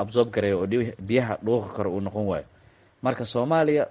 absorb gareeyo oo biyaha dhuuqa karo uu noqon waayo marka soomaaliya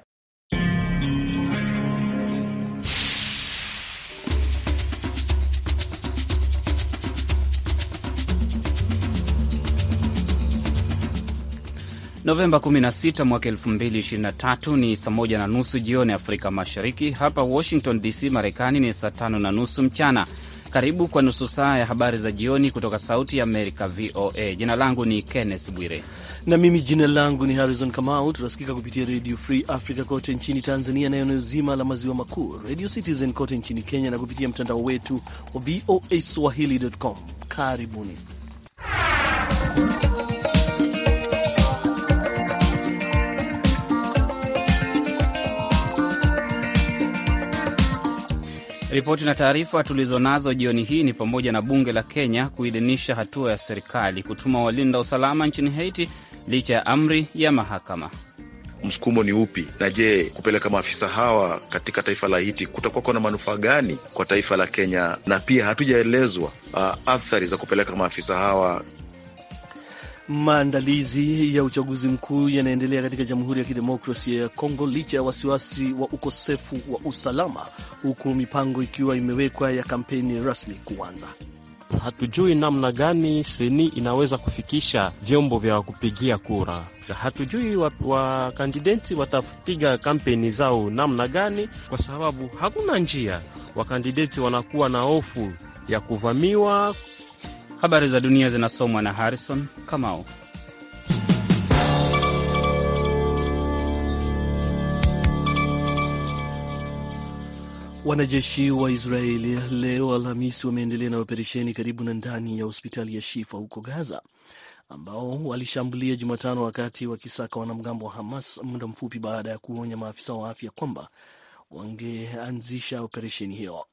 Novemba 16 mwaka 2023 ni saa moja na nusu jioni Afrika Mashariki. Hapa Washington DC, Marekani ni saa tano na nusu mchana. Karibu kwa nusu saa ya habari za jioni kutoka Sauti ya Amerika, VOA. Jina langu ni Kenneth Bwire na mimi jina langu ni Harrison Kamau. Tunasikika kupitia Redio Free Africa kote nchini Tanzania na eneo zima la maziwa makuu, Radio Citizen kote nchini Kenya na kupitia mtandao wetu wa VOA swahili.com. Karibuni Ripoti na taarifa tulizonazo jioni hii ni pamoja na bunge la Kenya kuidhinisha hatua ya serikali kutuma walinda usalama nchini Haiti licha ya amri ya mahakama. Msukumo ni upi? Na je, kupeleka maafisa hawa katika taifa la Haiti kutakuwa kuna manufaa gani kwa taifa la Kenya? Na pia hatujaelezwa uh, athari za kupeleka maafisa hawa Maandalizi ya uchaguzi mkuu yanaendelea katika Jamhuri ya Kidemokrasia ya Kongo licha ya wasiwasi wa ukosefu wa usalama, huku mipango ikiwa imewekwa ya kampeni rasmi kuanza. Hatujui namna gani seni inaweza kufikisha vyombo vya kupigia kura. Hatujui wakandideti wa watapiga kampeni zao namna gani, kwa sababu hakuna njia. Wakandideti wanakuwa na hofu ya kuvamiwa Habari za dunia zinasomwa na Harrison Kamau. Wanajeshi wa Israeli leo Alhamisi wameendelea na operesheni karibu na ndani ya hospitali ya Shifa huko Gaza, ambao walishambulia Jumatano wakati wakisaka wanamgambo wa Hamas muda mfupi baada ya kuonya maafisa wa afya kwamba wangeanzisha operesheni hiyo.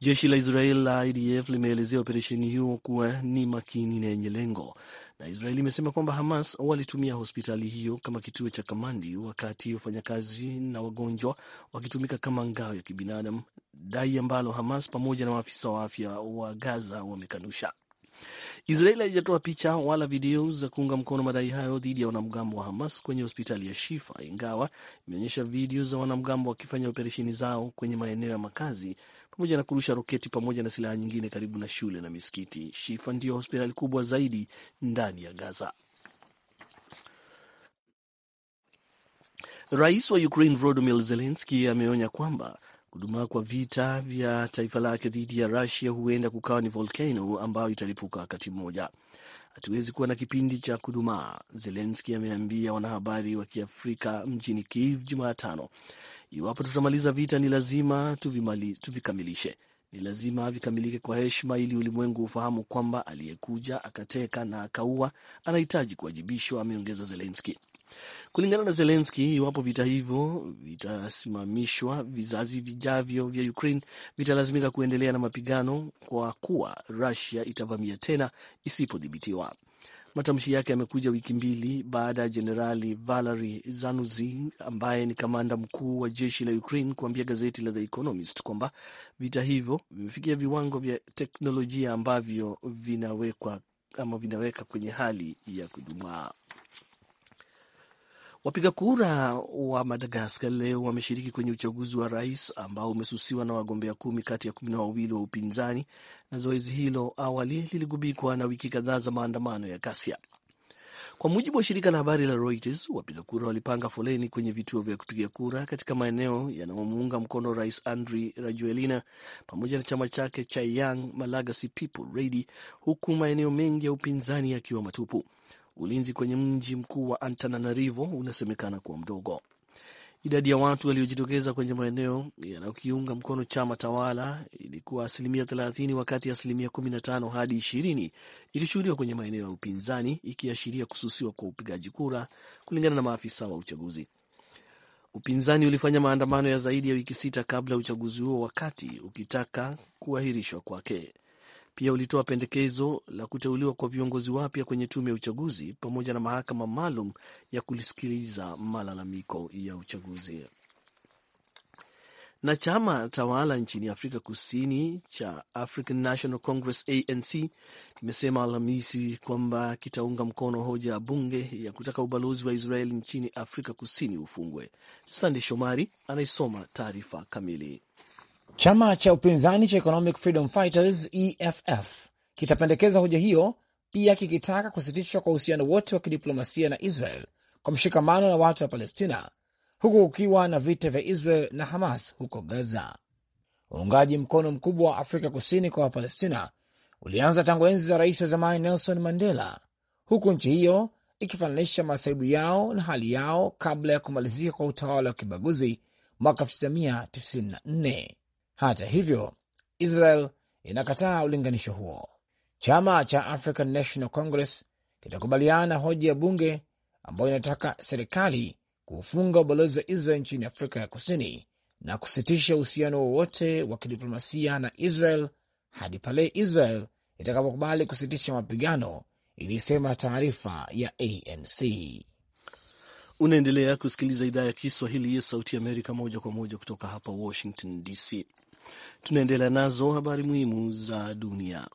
Jeshi la Israel la IDF limeelezea operesheni hiyo kuwa ni makini na yenye lengo, na Israel imesema kwamba Hamas walitumia hospitali hiyo kama kituo cha kamandi, wakati wafanyakazi na wagonjwa wakitumika kama ngao ya kibinadamu, dai ambalo Hamas pamoja na maafisa wa afya wa Gaza wamekanusha. Israeli haijatoa picha wala video za kuunga mkono madai hayo dhidi ya wanamgambo wa Hamas kwenye hospitali ya Shifa, ingawa imeonyesha video za wanamgambo wakifanya operesheni zao kwenye maeneo ya makazi pamoja na kurusha roketi pamoja na silaha nyingine karibu na shule na misikiti. Shifa ndiyo hospitali kubwa zaidi ndani ya Gaza. Rais wa Ukraine Volodymyr Zelenski ameonya kwamba kudumaa kwa vita vya taifa lake dhidi ya Russia huenda kukawa ni volcano ambayo italipuka wakati mmoja. Hatuwezi kuwa na kipindi cha kudumaa, Zelenski ameambia wanahabari wa Kiafrika mjini Kiev Jumatano. Iwapo tutamaliza vita, ni lazima tuvimali, tuvikamilishe. Ni lazima vikamilike kwa heshima, ili ulimwengu ufahamu kwamba aliyekuja akateka na akaua anahitaji kuwajibishwa, ameongeza Zelenski. Kulingana na Zelenski, iwapo vita hivyo vitasimamishwa, vizazi vijavyo vya Ukraine vitalazimika kuendelea na mapigano kwa kuwa rasia itavamia tena isipodhibitiwa. Matamshi yake yamekuja wiki mbili baada ya Jenerali Valery zanuzi ambaye ni kamanda mkuu wa jeshi la Ukraine kuambia gazeti la The Economist kwamba vita hivyo vimefikia viwango vya teknolojia ambavyo vinawekwa ama vinaweka kwenye hali ya kudumaa. Wapiga kura wa Madagaskar leo wameshiriki kwenye uchaguzi wa rais ambao umesusiwa na wagombea kumi kati ya kumi na wawili wa upinzani, na zoezi hilo awali liligubikwa na wiki kadhaa za maandamano ya ghasia. Kwa mujibu wa shirika la habari la Reuters, wapiga kura walipanga foleni kwenye vituo vya kupiga kura katika maeneo yanayomuunga mkono Rais Andry Rajoelina pamoja na chama chake cha Young Malagasy People Rally, huku maeneo mengi ya upinzani yakiwa matupu ulinzi kwenye mji mkuu wa Antananarivo unasemekana kuwa mdogo. Idadi ya watu waliojitokeza kwenye maeneo yanayokiunga mkono chama tawala ilikuwa asilimia 30 wakati asilimia 15 hadi 20 ilishuhudiwa kwenye maeneo ya upinzani, ikiashiria kususiwa kwa upigaji kura, kulingana na maafisa wa uchaguzi. Upinzani ulifanya maandamano ya zaidi ya wiki sita kabla ya uchaguzi huo, wakati ukitaka kuahirishwa kwake. Pia ulitoa pendekezo la kuteuliwa kwa viongozi wapya kwenye tume ya uchaguzi pamoja na mahakama maalum ya kulisikiliza malalamiko ya uchaguzi. Na chama tawala nchini Afrika Kusini cha African National Congress ANC kimesema Alhamisi kwamba kitaunga mkono hoja ya bunge ya kutaka ubalozi wa Israeli nchini Afrika Kusini ufungwe. Sande Shomari anaisoma taarifa kamili. Chama cha upinzani cha Economic Freedom Fighters EFF kitapendekeza hoja hiyo pia, kikitaka kusitishwa kwa uhusiano wote wa kidiplomasia na Israel kwa mshikamano na watu wa Palestina, huku kukiwa na vita vya Israel na Hamas huko Gaza. Uungaji mkono mkubwa wa Afrika Kusini kwa Wapalestina ulianza tangu enzi za rais wa zamani Nelson Mandela, huku nchi hiyo ikifananisha masaibu yao na hali yao kabla ya kumalizika kwa utawala wa kibaguzi mwaka 1994. Hata hivyo, Israel inakataa ulinganisho huo. Chama cha African National Congress kitakubaliana na hoja ya bunge ambayo inataka serikali kuufunga ubalozi wa Israel nchini Afrika ya Kusini na kusitisha uhusiano wowote wa kidiplomasia na Israel hadi pale Israel itakapokubali kusitisha mapigano, ilisema taarifa ya ANC. Unaendelea kusikiliza idhaa ya Kiswahili ya Sauti ya Amerika moja kwa moja kutoka hapa Washington DC. Tunaendelea nazo habari muhimu za dunia.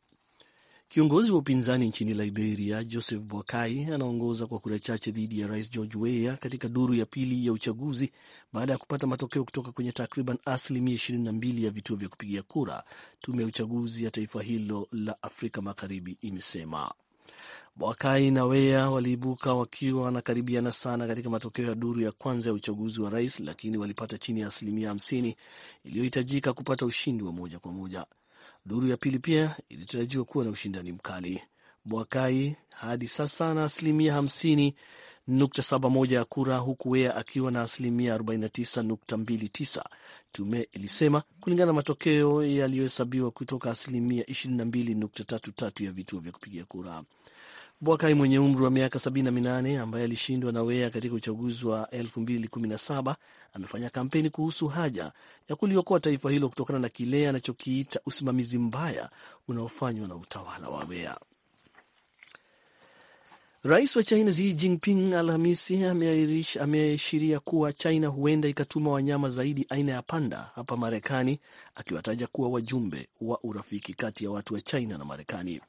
Kiongozi wa upinzani nchini Liberia, Joseph Boakai, anaongoza kwa kura chache dhidi ya rais George Weah katika duru ya pili ya uchaguzi baada ya kupata matokeo kutoka kwenye takriban asilimia ishirini na mbili ya vituo vya kupigia kura, tume ya uchaguzi ya taifa hilo la Afrika Magharibi imesema. Boakai na wea waliibuka wakiwa wanakaribiana sana katika matokeo ya duru ya kwanza ya uchaguzi wa rais, lakini walipata chini ya asilimia hamsini iliyohitajika kupata ushindi wa moja kwa moja. Duru ya pili pia ilitarajiwa kuwa na ushindani mkali. Boakai hadi sasa na asilimia moja ya kura, huku wea akiwa na asilimia 49.29, tume ilisema kulingana na matokeo yaliyohesabiwa kutoka asilimia 22.33 ya vituo vya kupigia kura. Boakai mwenye umri wa miaka 78 ambaye alishindwa na wea katika uchaguzi wa 2017 amefanya kampeni kuhusu haja ya kuliokoa taifa hilo kutokana na kile anachokiita usimamizi mbaya unaofanywa na utawala wa Wea. Rais wa China Xi Jinping Alhamisi ameashiria kuwa China huenda ikatuma wanyama zaidi aina ya panda hapa Marekani, akiwataja kuwa wajumbe wa urafiki kati ya watu wa China na Marekani.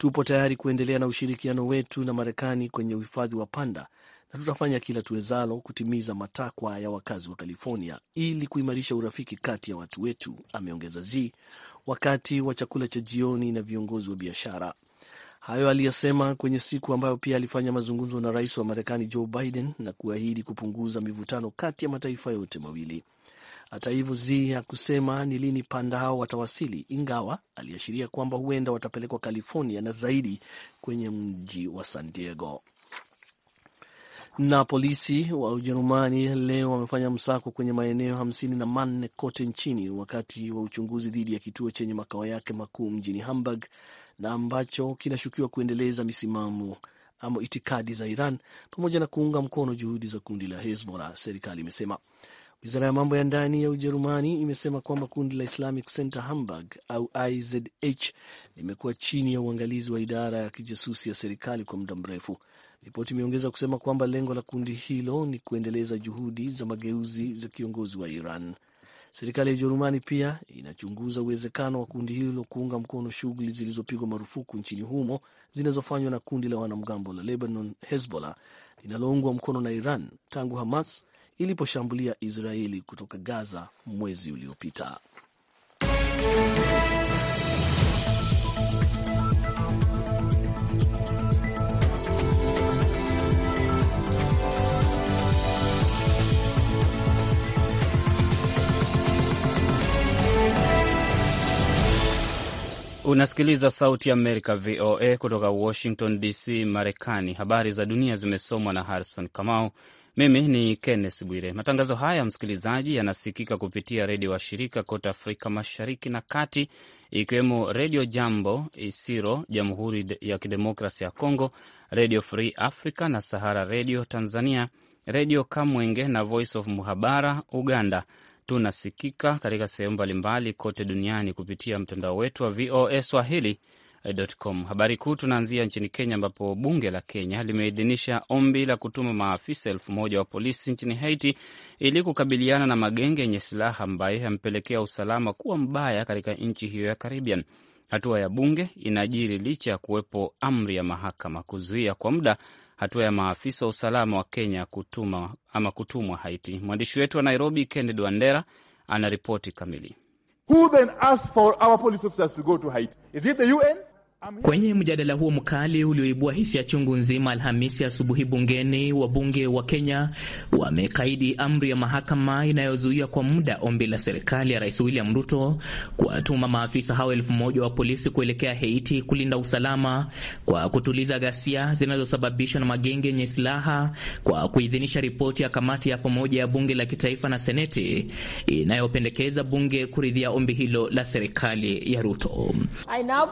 Tupo tayari kuendelea na ushirikiano wetu na Marekani kwenye uhifadhi wa panda na tutafanya kila tuwezalo kutimiza matakwa ya wakazi wa California ili kuimarisha urafiki kati ya watu wetu, ameongeza Z wakati wa chakula cha jioni na viongozi wa biashara. Hayo aliyesema kwenye siku ambayo pia alifanya mazungumzo na rais wa Marekani Joe Biden na kuahidi kupunguza mivutano kati ya mataifa yote mawili. Hata hivyo Zi hakusema ni lini panda hao watawasili, ingawa aliashiria kwamba huenda watapelekwa California na zaidi kwenye mji wa San Diego. Na polisi wa Ujerumani leo wamefanya msako kwenye maeneo hamsini na manne kote nchini wakati wa uchunguzi dhidi ya kituo chenye makao yake makuu mjini Hamburg na ambacho kinashukiwa kuendeleza misimamo ama itikadi za Iran pamoja na kuunga mkono juhudi za kundi la Hezbollah, serikali imesema. Wizara ya mambo ya ndani ya Ujerumani imesema kwamba kundi la Islamic Center Hamburg au IZH limekuwa chini ya uangalizi wa idara ya kijasusi ya serikali kwa muda mrefu. Ripoti imeongeza kusema kwamba lengo la kundi hilo ni kuendeleza juhudi za mageuzi za kiongozi wa Iran. Serikali ya Ujerumani pia inachunguza uwezekano wa kundi hilo kuunga mkono shughuli zilizopigwa marufuku nchini humo zinazofanywa na kundi la wanamgambo la Lebanon, Hezbollah, linaloungwa mkono na Iran tangu Hamas iliposhambulia Israeli kutoka Gaza mwezi uliopita. Unasikiliza Sauti ya Amerika, VOA, kutoka Washington DC, Marekani. Habari za dunia zimesomwa na Harrison Kamau. Mimi ni Kenneth Bwire. Matangazo haya msikilizaji, yanasikika kupitia redio washirika kote Afrika Mashariki na Kati, ikiwemo Redio Jambo Isiro, Jamhuri ya Kidemokrasia ya Kongo, Redio Free Africa na Sahara Redio Tanzania, Redio Kamwenge na Voice of Muhabara Uganda. Tunasikika katika sehemu mbalimbali kote duniani kupitia mtandao wetu wa VOA Swahili com. Habari kuu tunaanzia nchini Kenya, ambapo bunge la Kenya limeidhinisha ombi la kutuma maafisa elfu moja wa polisi nchini Haiti ili kukabiliana na magenge yenye silaha ambayo yamepelekea usalama kuwa mbaya katika nchi hiyo ya Caribbean. Hatua ya bunge inajiri licha ya kuwepo amri ya mahakama kuzuia kwa muda hatua ya maafisa wa usalama wa Kenya kutuma ama kutumwa Haiti. Mwandishi wetu wa Nairobi, Kennedy Wandera, ana ripoti kamili. Who then asked for our police officers to go to Haiti? Is it the UN? Kwenye mjadala huo mkali ulioibua hisia chungu nzima Alhamisi asubuhi bungeni, wabunge wa Kenya wamekaidi amri ya mahakama inayozuia kwa muda ombi la serikali ya Rais William Ruto kuwatuma maafisa hao elfu moja wa polisi kuelekea Haiti kulinda usalama kwa kutuliza ghasia zinazosababishwa na magenge yenye silaha kwa kuidhinisha ripoti ya kamati ya pamoja ya bunge la kitaifa na seneti inayopendekeza bunge kuridhia ombi hilo la serikali ya Ruto. I now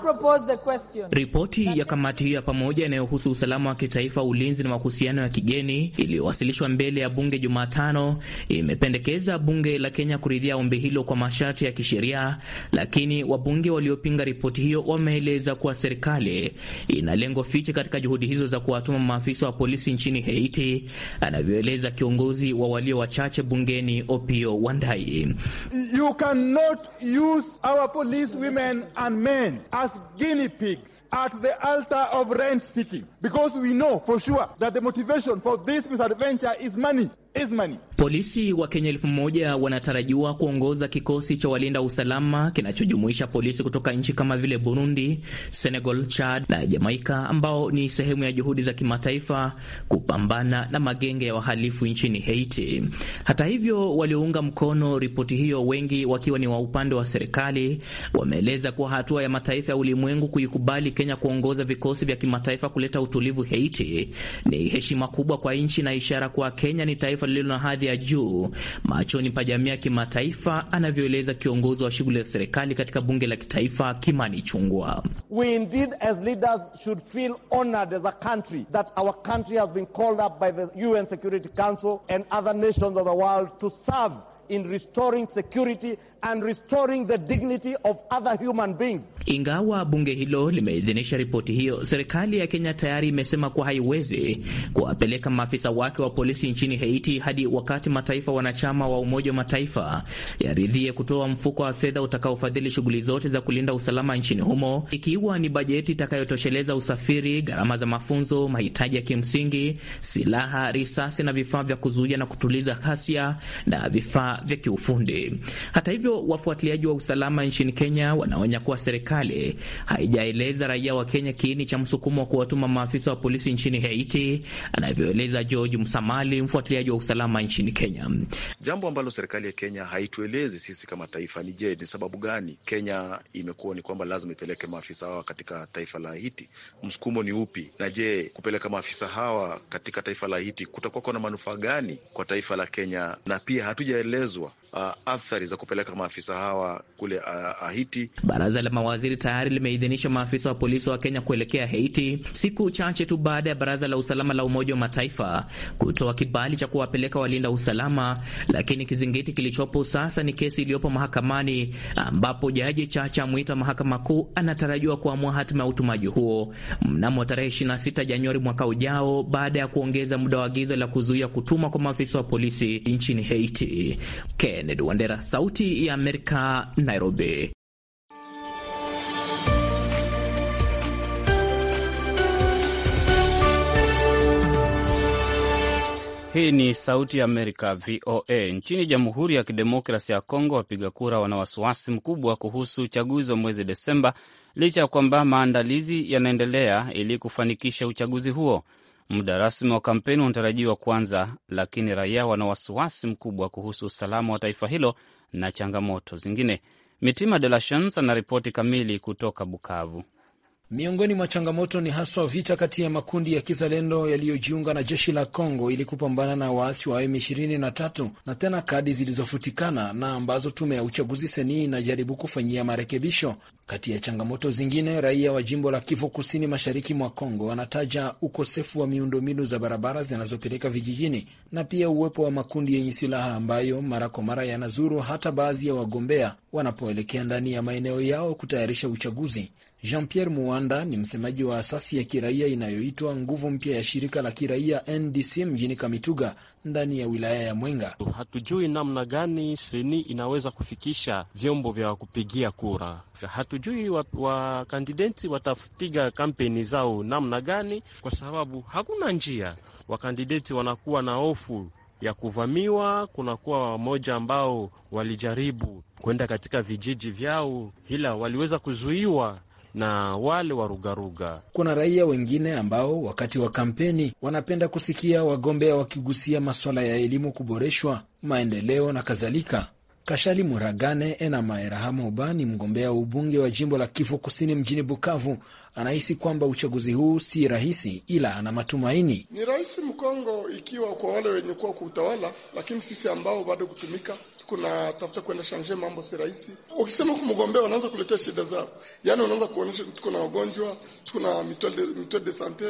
Ripoti ya kamati hiyo ya pamoja inayohusu usalama wa kitaifa, ulinzi na mahusiano ya kigeni iliyowasilishwa mbele ya bunge Jumatano imependekeza bunge la Kenya kuridhia ombi hilo kwa masharti ya kisheria, lakini wabunge waliopinga ripoti hiyo wameeleza kuwa serikali ina lengo fiche katika juhudi hizo za kuwatuma maafisa wa polisi nchini Haiti, anavyoeleza kiongozi wa walio wachache bungeni Opio Wandai. You cannot use our police women and men as guinea pigs. pigs at the altar of rent seeking because we know for sure that the motivation for this misadventure is money. Is money. Polisi wa Kenya elfu moja wanatarajiwa kuongoza kikosi cha walinda usalama kinachojumuisha polisi kutoka nchi kama vile Burundi, Senegal, Chad na Jamaika, ambao ni sehemu ya juhudi za kimataifa kupambana na magenge ya wahalifu nchini Haiti. Hata hivyo, waliounga mkono ripoti hiyo, wengi wakiwa ni wa upande wa serikali, wameeleza kuwa hatua ya mataifa ya ulimwengu kuikubali Kenya kuongoza vikosi vya kimataifa kuleta utulivu Haiti ni heshima kubwa kwa nchi na ishara kuwa Kenya ni taifa lililo na hadhi ya juu machoni pa jamii ya kimataifa, anavyoeleza kiongozi wa shughuli za serikali katika bunge la kitaifa Kimani Chungwa. We indeed as leaders should feel honored as a country that our country has been called up by the UN Security Council and other nations of the world to serve in restoring security and restoring the dignity of other human beings. Ingawa bunge hilo limeidhinisha ripoti hiyo, serikali ya Kenya tayari imesema kuwa haiwezi kuwapeleka maafisa wake wa polisi nchini Haiti hadi wakati mataifa wanachama wa Umoja wa Mataifa yaridhie kutoa mfuko wa fedha utakaofadhili shughuli zote za kulinda usalama nchini humo, ikiwa ni bajeti itakayotosheleza usafiri, gharama za mafunzo, mahitaji ya kimsingi, silaha, risasi na vifaa vya kuzuia na kutuliza ghasia na vifaa vya kiufundi. Hata hivyo hivyo, wafuatiliaji wa usalama nchini Kenya wanaonya kuwa serikali haijaeleza raia wa Kenya kiini cha msukumo wa kuwatuma maafisa wa polisi nchini Haiti, anavyoeleza George Msamali, mfuatiliaji wa usalama nchini Kenya. Jambo ambalo serikali ya Kenya haituelezi sisi kama taifa ni je, ni sababu gani Kenya imekuwa ni kwamba lazima ipeleke maafisa hawa katika taifa la Haiti? Msukumo ni upi? Na je, kupeleka maafisa hawa katika taifa la Haiti kutakuwa na manufaa gani kwa taifa la Kenya? Na pia hatujaelezwa uh, athari za kupeleka maafisa hawa kule Haiti. Baraza la mawaziri tayari limeidhinisha maafisa wa polisi wa Kenya kuelekea Haiti siku chache tu baada ya baraza la usalama la Umoja wa Mataifa kutoa kibali cha kuwapeleka walinda usalama, lakini kizingiti kilichopo sasa ni kesi iliyopo mahakamani ambapo jaji Chacha Mwita mahakama kuu anatarajiwa kuamua hatima ya utumaji huo mnamo tarehe 26 Januari mwaka ujao baada ya kuongeza muda wa agizo la kuzuia kutumwa kwa maafisa wa polisi nchini Haiti. Kennedy Wandera, sauti ya Amerika, Nairobi. Hii ni Sauti ya Amerika, VOA. Nchini Jamhuri ya Kidemokrasi ya Kongo, wapiga kura wana wasiwasi mkubwa kuhusu uchaguzi wa mwezi Desemba, licha ya kwamba maandalizi yanaendelea ili kufanikisha uchaguzi huo. Muda rasmi wa kampeni unatarajiwa kuanza, lakini raia wana wasiwasi mkubwa kuhusu usalama wa taifa hilo na changamoto zingine. Mitima De La chance ana ripoti kamili kutoka Bukavu. Miongoni mwa changamoto ni haswa vita kati ya makundi ya kizalendo yaliyojiunga na jeshi la congo ili kupambana na waasi wa M23 na tena kadi zilizofutikana na ambazo tume ya uchaguzi seni inajaribu kufanyia marekebisho. Kati ya changamoto zingine, raia wa jimbo la Kivu Kusini, mashariki mwa Kongo, wanataja ukosefu wa miundombinu za barabara zinazopeleka vijijini na pia uwepo wa makundi yenye silaha ambayo mara kwa mara yanazuru hata baadhi ya wagombea wanapoelekea ndani ya maeneo yao kutayarisha uchaguzi. Jean-Pierre Muwanda ni msemaji wa asasi ya kiraia inayoitwa Nguvu Mpya ya shirika la kiraia NDC mjini Kamituga ndani ya wilaya ya Mwenga. Hatujui namna gani seni inaweza kufikisha vyombo vya kupigia kura, hatujui wakandideti wa watapiga kampeni zao namna gani, kwa sababu hakuna njia. Wakandideti wanakuwa na hofu ya kuvamiwa. Kunakuwa wamoja ambao walijaribu kwenda katika vijiji vyao, ila waliweza kuzuiwa na wale warugaruga. Kuna raia wengine ambao wakati wa kampeni wanapenda kusikia wagombea wakigusia masuala ya elimu kuboreshwa, maendeleo na kadhalika. Kashali Muragane ena maerahamoba ni mgombea wa ubunge wa jimbo la Kivu Kusini mjini Bukavu. Anahisi kwamba uchaguzi huu si rahisi, ila ana matumaini. Ni rahisi Mkongo ikiwa kwa wale wenye kuwa kuutawala, lakini sisi ambao bado kutumika tafuta kwenda shanje, mambo si rahisi. Ukisema kumgombea, mgombea, wanaanza kuletea shida zao, yani wanaanza kuonyesha tuko na wagonjwa, tuko na mitoel de sante,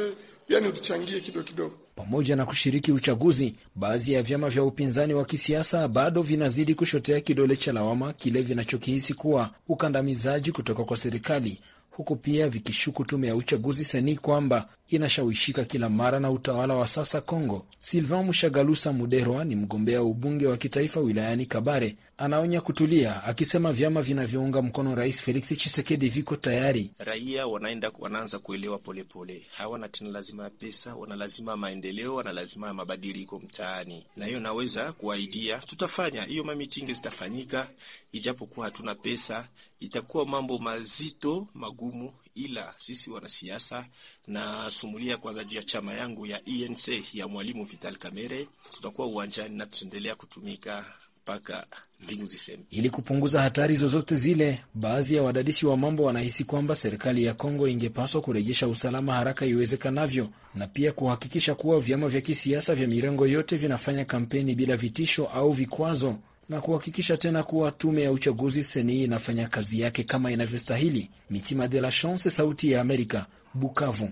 yani utuchangie kidogo kidogo. Pamoja na kushiriki uchaguzi, baadhi ya vyama vya upinzani wa kisiasa bado vinazidi kushotea kidole cha lawama kile vinachokihisi kuwa ukandamizaji kutoka kwa serikali huku pia vikishuku tume ya uchaguzi seni kwamba inashawishika kila mara na utawala wa sasa congo silvan Mushagalusa Muderwa ni mgombea wa ubunge wa kitaifa wilayani Kabare anaonya kutulia, akisema vyama vinavyounga mkono Rais Felix Chisekedi viko tayari. Raia wanaenda wanaanza kuelewa polepole, hawana tena lazima ya pesa, wana lazima ya maendeleo, wana lazima ya mabadiliko mtaani, na hiyo naweza kuwaidia, tutafanya hiyo, mamitingi zitafanyika, ijapokuwa hatuna pesa, itakuwa mambo mazito magumu, ila sisi wanasiasa na sumulia kwanza juu ya chama yangu ya ENC ya Mwalimu Vital Kamere, tutakuwa uwanjani na tutaendelea kutumika mpaka mbingu ziseme. Ili kupunguza hatari zozote zile, baadhi ya wadadisi wa mambo wanahisi kwamba serikali ya Kongo ingepaswa kurejesha usalama haraka iwezekanavyo, na pia kuhakikisha kuwa vyama vya kisiasa vya mirengo yote vinafanya kampeni bila vitisho au vikwazo, na kuhakikisha tena kuwa tume ya uchaguzi seni inafanya kazi yake kama inavyostahili. Mitima de la Chance, Sauti ya Amerika, Bukavu.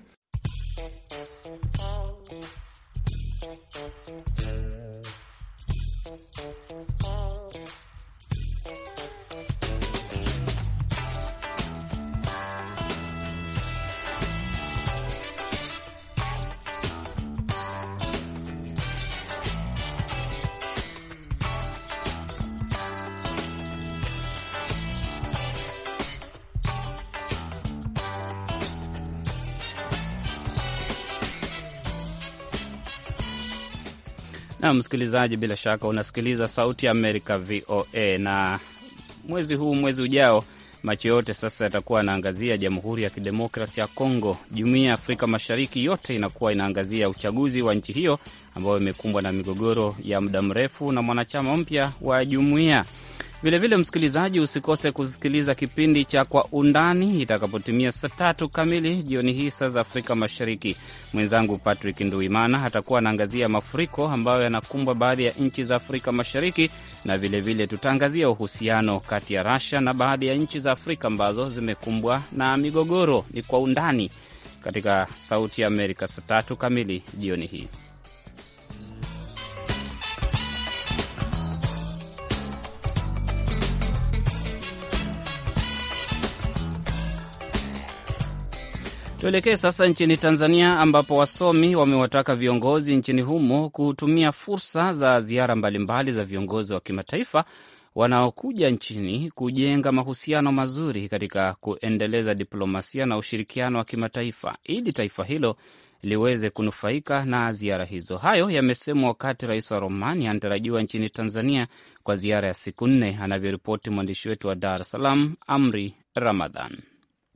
msikilizaji, bila shaka unasikiliza Sauti ya Amerika, VOA, na mwezi huu, mwezi ujao, macho yote sasa yatakuwa yanaangazia Jamhuri ya Kidemokrasi ya Kongo. jumuia ya Afrika Mashariki yote inakuwa inaangazia uchaguzi wa nchi hiyo ambayo imekumbwa na migogoro ya muda mrefu na mwanachama mpya wa jumuia Vilevile msikilizaji, usikose kusikiliza kipindi cha Kwa Undani itakapotimia saa tatu kamili jioni hii saa za Afrika Mashariki. Mwenzangu Patrick Nduimana atakuwa anaangazia mafuriko ambayo yanakumbwa baadhi ya nchi za Afrika Mashariki, na vilevile tutaangazia uhusiano kati ya Russia na baadhi ya nchi za Afrika ambazo zimekumbwa na migogoro. Ni Kwa Undani katika Sauti ya Amerika saa tatu kamili jioni hii. Tuelekee sasa nchini Tanzania ambapo wasomi wamewataka viongozi nchini humo kutumia fursa za ziara mbalimbali za viongozi wa kimataifa wanaokuja nchini kujenga mahusiano mazuri katika kuendeleza diplomasia na ushirikiano wa kimataifa ili taifa hilo liweze kunufaika na ziara hizo. Hayo yamesemwa wakati rais wa Romania anatarajiwa nchini Tanzania kwa ziara ya siku nne, anavyoripoti mwandishi wetu wa Dar es Salaam, Amri Ramadhan.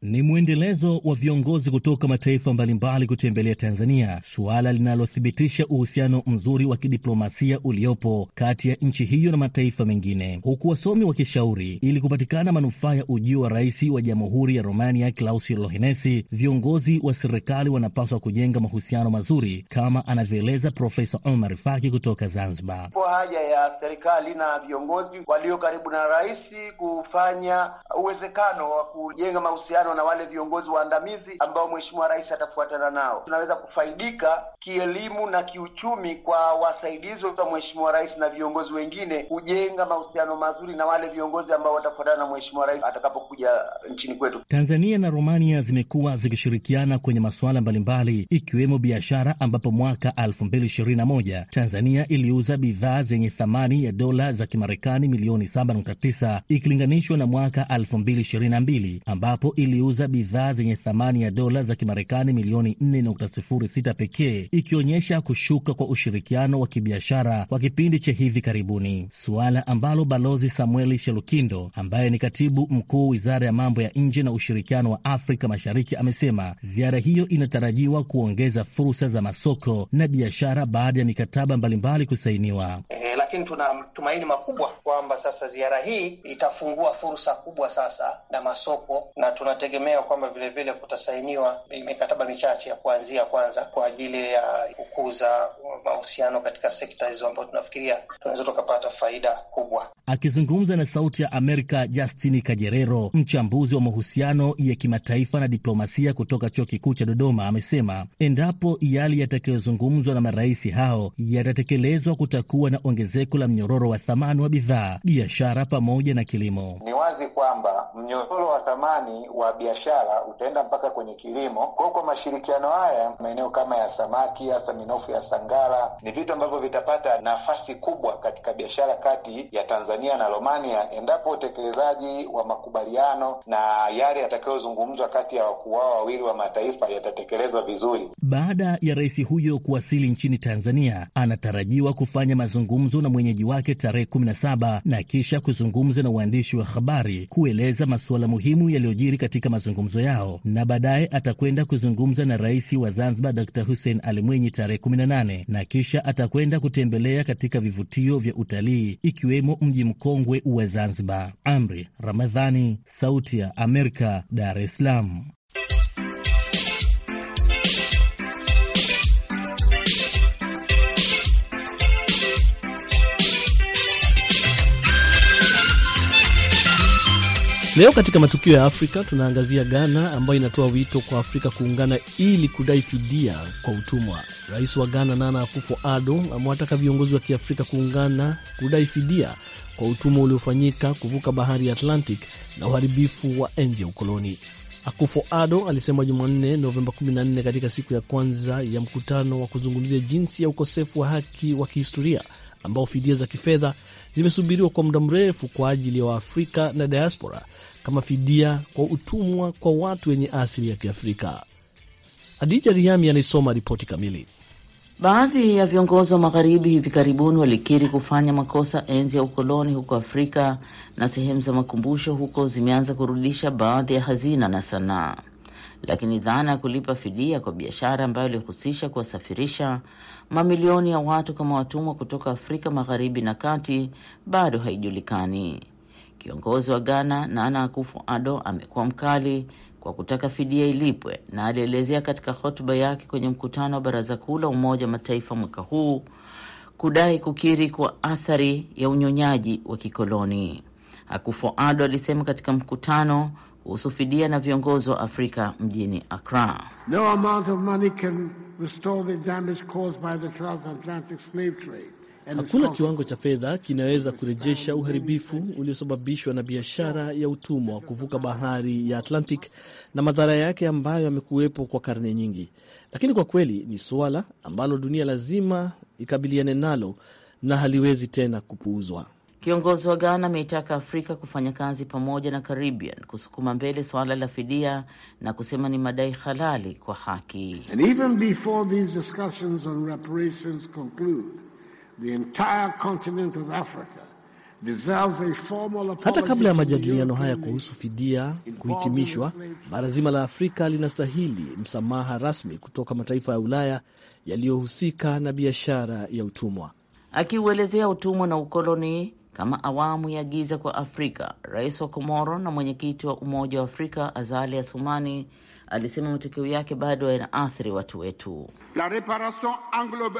Ni mwendelezo wa viongozi kutoka mataifa mbalimbali kutembelea Tanzania, suala linalothibitisha uhusiano mzuri wa kidiplomasia uliopo kati ya nchi hiyo na mataifa mengine, huku wasomi wakishauri ili kupatikana manufaa ya ujio wa rais wa jamhuri ya Romania Klaus lohinesi viongozi wa serikali wanapaswa kujenga mahusiano mazuri, kama anavyoeleza Profesa Omar Faki kutoka Zanzibar. Ipo haja ya serikali na viongozi walio karibu na rais kufanya uwezekano wa kujenga mahusiano kufuatana na wale viongozi waandamizi ambao mheshimiwa rais atafuatana nao. Tunaweza kufaidika kielimu na kiuchumi kwa wasaidizi wa mheshimiwa rais na viongozi wengine kujenga mahusiano mazuri na wale viongozi ambao watafuatana na mheshimiwa rais atakapokuja nchini kwetu. Tanzania na Romania zimekuwa zikishirikiana kwenye masuala mbalimbali ikiwemo biashara, ambapo mwaka elfu mbili ishirini na moja Tanzania iliuza bidhaa zenye thamani ya dola za Kimarekani milioni 7.9 ikilinganishwa na mwaka elfu mbili ishirini na mbili ambapo ili kuiuza bidhaa zenye thamani ya dola za Kimarekani milioni 4.06 pekee, ikionyesha kushuka kwa ushirikiano wa kibiashara kwa kipindi cha hivi karibuni, suala ambalo Balozi Samueli Shelukindo ambaye ni katibu mkuu wizara ya mambo ya nje na ushirikiano wa Afrika Mashariki amesema ziara hiyo inatarajiwa kuongeza fursa za masoko na biashara baada ya mikataba mbalimbali kusainiwa. Eh, lakini tuna tumaini makubwa kwamba sasa ziara hii itafungua fursa kubwa sasa na masoko na tunate tunategemea kwamba vilevile kutasainiwa mikataba michache ya kuanzia kwanza kwa ajili ya kukuza mahusiano katika sekta hizo ambayo tunafikiria tunaweza tukapata faida kubwa. Akizungumza na Sauti ya Amerika, Justini Kajerero, mchambuzi wa mahusiano ya kimataifa na diplomasia kutoka Chuo Kikuu cha Dodoma, amesema endapo yale yatakayozungumzwa na marais hao yatatekelezwa, kutakuwa na ongezeko la mnyororo wa thamani wa bidhaa, biashara pamoja na kilimo. Ni wazi kwamba mnyororo wa thamani wa biashara, utaenda mpaka kwenye kilimo. Kwa hiyo kwa mashirikiano haya, maeneo kama ya samaki, hasa minofu ya Sangara, ni vitu ambavyo vitapata nafasi kubwa katika biashara kati ya Tanzania na Romania endapo utekelezaji wa makubaliano na yale yatakayozungumzwa kati ya wakuu wao wawili wa mataifa yatatekelezwa vizuri. Baada ya rais huyo kuwasili nchini Tanzania, anatarajiwa kufanya mazungumzo na mwenyeji wake tarehe 17 na kisha kuzungumza na waandishi wa habari kueleza masuala muhimu yaliyojiri katika mazungumzo yao na baadaye atakwenda kuzungumza na rais wa Zanzibar Dr Hussein Ali Mwinyi tarehe 18 na kisha atakwenda kutembelea katika vivutio vya utalii ikiwemo mji mkongwe wa Zanzibar. Amri Ramadhani, Sauti ya Amerika, Dar es Salaam. Leo katika matukio ya Afrika tunaangazia Ghana ambayo inatoa wito kwa Afrika kuungana ili kudai fidia kwa utumwa. Rais wa Ghana Nana Akufo-Addo amewataka viongozi wa Kiafrika kuungana kudai fidia kwa utumwa uliofanyika kuvuka bahari ya Atlantic na uharibifu wa enzi ya ukoloni. Akufo-Addo alisema Jumanne, Novemba 14 katika siku ya kwanza ya mkutano wa kuzungumzia jinsi ya ukosefu wa haki wa kihistoria ambao fidia za kifedha zimesubiriwa kwa muda mrefu kwa ajili ya wa Waafrika na diaspora kama fidia kwa utumwa kwa watu wenye asili ya Kiafrika. Adija Riami anaisoma ripoti kamili. Baadhi ya viongozi wa magharibi hivi karibuni walikiri kufanya makosa enzi ya ukoloni huko Afrika, na sehemu za makumbusho huko zimeanza kurudisha baadhi ya hazina na sanaa lakini dhana ya kulipa fidia kwa biashara ambayo ilihusisha kuwasafirisha mamilioni ya watu kama watumwa kutoka Afrika Magharibi na Kati bado haijulikani. Kiongozi wa Ghana Nana Akufo-Addo amekuwa mkali kwa kutaka fidia ilipwe, na alielezea katika hotuba yake kwenye mkutano wa Baraza Kuu la Umoja wa Mataifa mwaka huu kudai kukiri kwa athari ya unyonyaji wa kikoloni. Akufo-Addo alisema katika mkutano husufidia na viongozi wa Afrika mjini Accra. No amount of money can restore the damage caused by the transatlantic slave trade. Hakuna kiwango cha fedha kinaweza kurejesha uharibifu uliosababishwa na biashara ya utumwa wa kuvuka bahari ya Atlantic na madhara yake ambayo yamekuwepo kwa karne nyingi, lakini kwa kweli ni suala ambalo dunia lazima ikabiliane nalo na haliwezi tena kupuuzwa. Kiongozi wa Ghana ameitaka Afrika kufanya kazi pamoja na Caribbean kusukuma mbele suala la fidia na kusema ni madai halali kwa haki. And even before these discussions on reparations conclude, the entire continent of Africa hata kabla ya majadiliano haya kuhusu fidia kuhitimishwa, bara zima la Afrika linastahili msamaha rasmi kutoka mataifa ya Ulaya yaliyohusika na biashara ya utumwa. Akiuelezea utumwa na ukoloni kama awamu ya giza kwa Afrika. Rais wa Komoro na mwenyekiti wa Umoja wa Afrika Azali Assoumani alisema matokeo yake bado yanaathiri watu wetu. La reparation englobe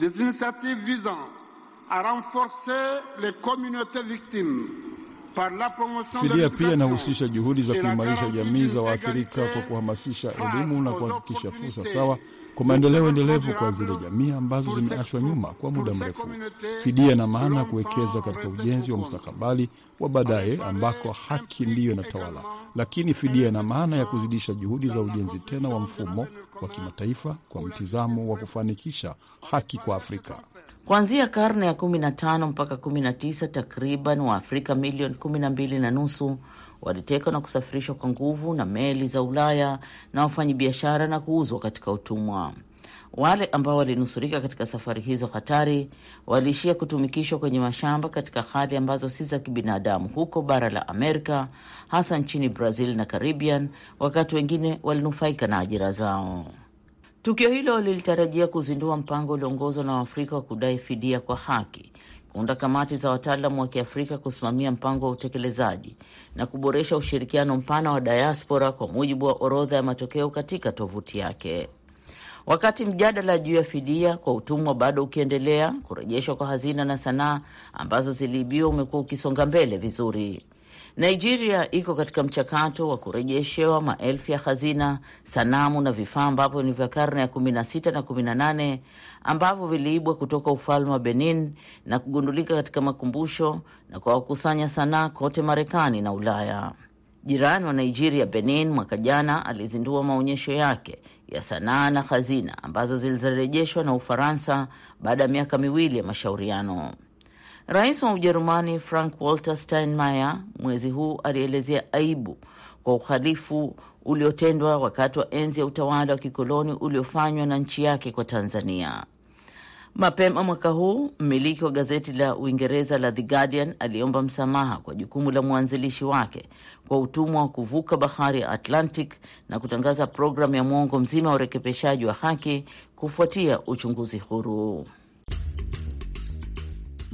des initiatives visant renforcer les communautés victimes fidia pia inahusisha juhudi za kuimarisha jamii za waathirika kwa kuhamasisha elimu na kuhakikisha fursa sawa kwa maendeleo endelevu kwa zile jamii ambazo zimeachwa nyuma kwa muda mrefu. Fidia ina maana ya kuwekeza katika ujenzi wa mustakabali wa baadaye ambako haki ndiyo inatawala, lakini fidia ina maana ya kuzidisha juhudi za ujenzi tena wa mfumo wa kimataifa kwa mtizamo wa kufanikisha haki kwa Afrika. Kuanzia karne ya 15 mpaka 19 takriban Waafrika milioni 12 na nusu walitekwa na kusafirishwa kwa nguvu na meli za Ulaya na biashara na kuuzwa katika utumwa. Wale ambao walinusurika katika safari hizo hatari waliishia kutumikishwa kwenye mashamba katika hali ambazo si za kibinadamu huko bara la Amerika, hasa nchini Brazil na Caribbean, wakati wengine walinufaika na ajira zao. Tukio hilo lilitarajia kuzindua mpango ulioongozwa na Waafrika wa kudai fidia kwa haki kuunda kamati za wataalamu wa Kiafrika kusimamia mpango wa utekelezaji na kuboresha ushirikiano mpana wa diaspora kwa mujibu wa orodha ya matokeo katika tovuti yake. Wakati mjadala juu ya fidia kwa utumwa bado ukiendelea, kurejeshwa kwa hazina na sanaa ambazo ziliibiwa umekuwa ukisonga mbele vizuri. Nigeria iko katika mchakato wa kurejeshewa maelfu ya hazina, sanamu na vifaa ambavyo ni vya karne ya kumi na sita na kumi na nane ambavyo viliibwa kutoka ufalme wa Benin na kugundulika katika makumbusho na kwa wakusanya sanaa kote Marekani na Ulaya. Jirani wa Nigeria, Benin, mwaka jana alizindua maonyesho yake ya sanaa na hazina ambazo zilizorejeshwa na Ufaransa baada ya miaka miwili ya mashauriano. Rais wa Ujerumani Frank Walter Steinmeier mwezi huu alielezea aibu kwa uhalifu uliotendwa wakati wa enzi ya utawala wa kikoloni uliofanywa na nchi yake kwa Tanzania. Mapema mwaka huu mmiliki wa gazeti la Uingereza la The Guardian aliomba msamaha kwa jukumu la mwanzilishi wake kwa utumwa wa kuvuka bahari ya Atlantic na kutangaza programu ya mwongo mzima wa urekebishaji wa haki kufuatia uchunguzi huru.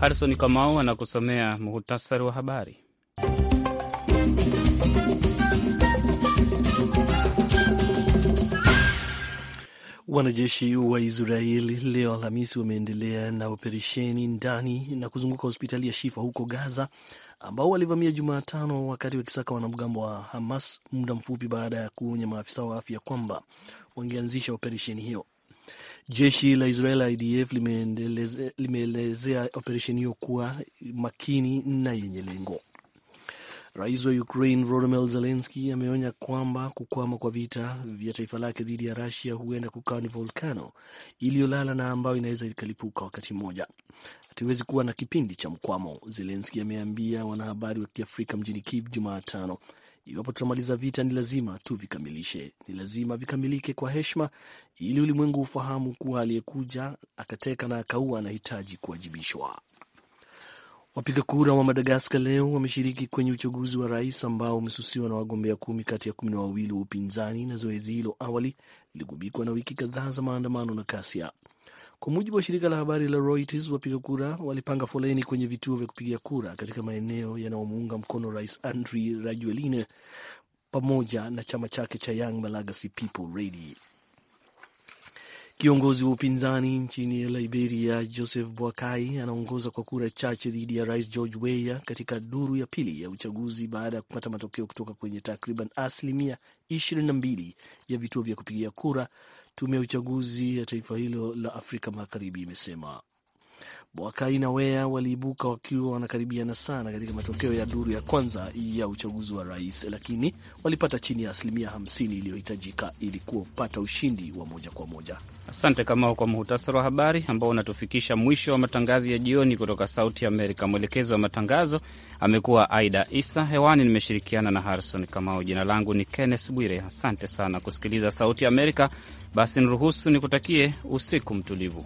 Harison Kamau anakusomea muhtasari wa habari. Wanajeshi wa Israeli leo Alhamisi wameendelea na operesheni ndani na kuzunguka hospitali ya Shifa huko Gaza, ambao walivamia Jumatano wakati wakisaka wanamgambo wa Hamas muda mfupi baada ya kuonya maafisa wa afya kwamba wangeanzisha operesheni hiyo. Jeshi la Israel IDF limeelezea operesheni hiyo kuwa makini na yenye lengo. Rais wa Ukraine Volodymyr zelenski ameonya kwamba kukwama kwa vita vya taifa lake dhidi ya rasia huenda kukawa ni volkano iliyolala na ambayo inaweza ikalipuka wakati mmoja. Hatuwezi kuwa na kipindi cha mkwamo, zelenski ameambia wanahabari wa Kiafrika mjini Kiev Jumatano, Iwapo tutamaliza vita, ni lazima tuvikamilishe, ni lazima vikamilike kwa heshima, ili ulimwengu ufahamu kuwa aliyekuja akateka na akaua anahitaji kuwajibishwa. Wapiga kura wa Madagaskar leo wameshiriki kwenye uchaguzi wa rais ambao umesusiwa na wagombea kumi kati ya kumi na wawili wa upinzani, na zoezi hilo awali liligubikwa na wiki kadhaa za maandamano na kasia. Kwa mujibu wa shirika la habari la Reuters, wapiga kura walipanga foleni kwenye vituo vya kupigia kura katika maeneo yanayomuunga mkono Rais Andry Rajoelina pamoja na chama chake cha Young Malagasy People Ready. Kiongozi wa upinzani nchini Liberia, Joseph Boakai, anaongoza kwa kura chache dhidi ya Rais George Weah katika duru ya pili ya uchaguzi baada ya kupata matokeo kutoka kwenye takriban asilimia 22 ya vituo vya kupigia kura Tume ya uchaguzi ya taifa hilo la Afrika Magharibi imesema. Boakai Wea waliibuka wakiwa wanakaribiana sana katika matokeo ya duru ya kwanza ya uchaguzi wa rais, lakini walipata chini ya asilimia 50 iliyohitajika ili kupata ushindi wa moja kwa moja. Asante Kamao kwa muhutasari wa habari ambao unatufikisha mwisho wa matangazo ya jioni kutoka Sauti Amerika. Mwelekezi wa matangazo amekuwa Aida Isa. Hewani nimeshirikiana na Harrison Kamao. Jina langu ni Kenneth Bwire. Asante sana kusikiliza Sauti Amerika. Basi niruhusu nikutakie usiku mtulivu.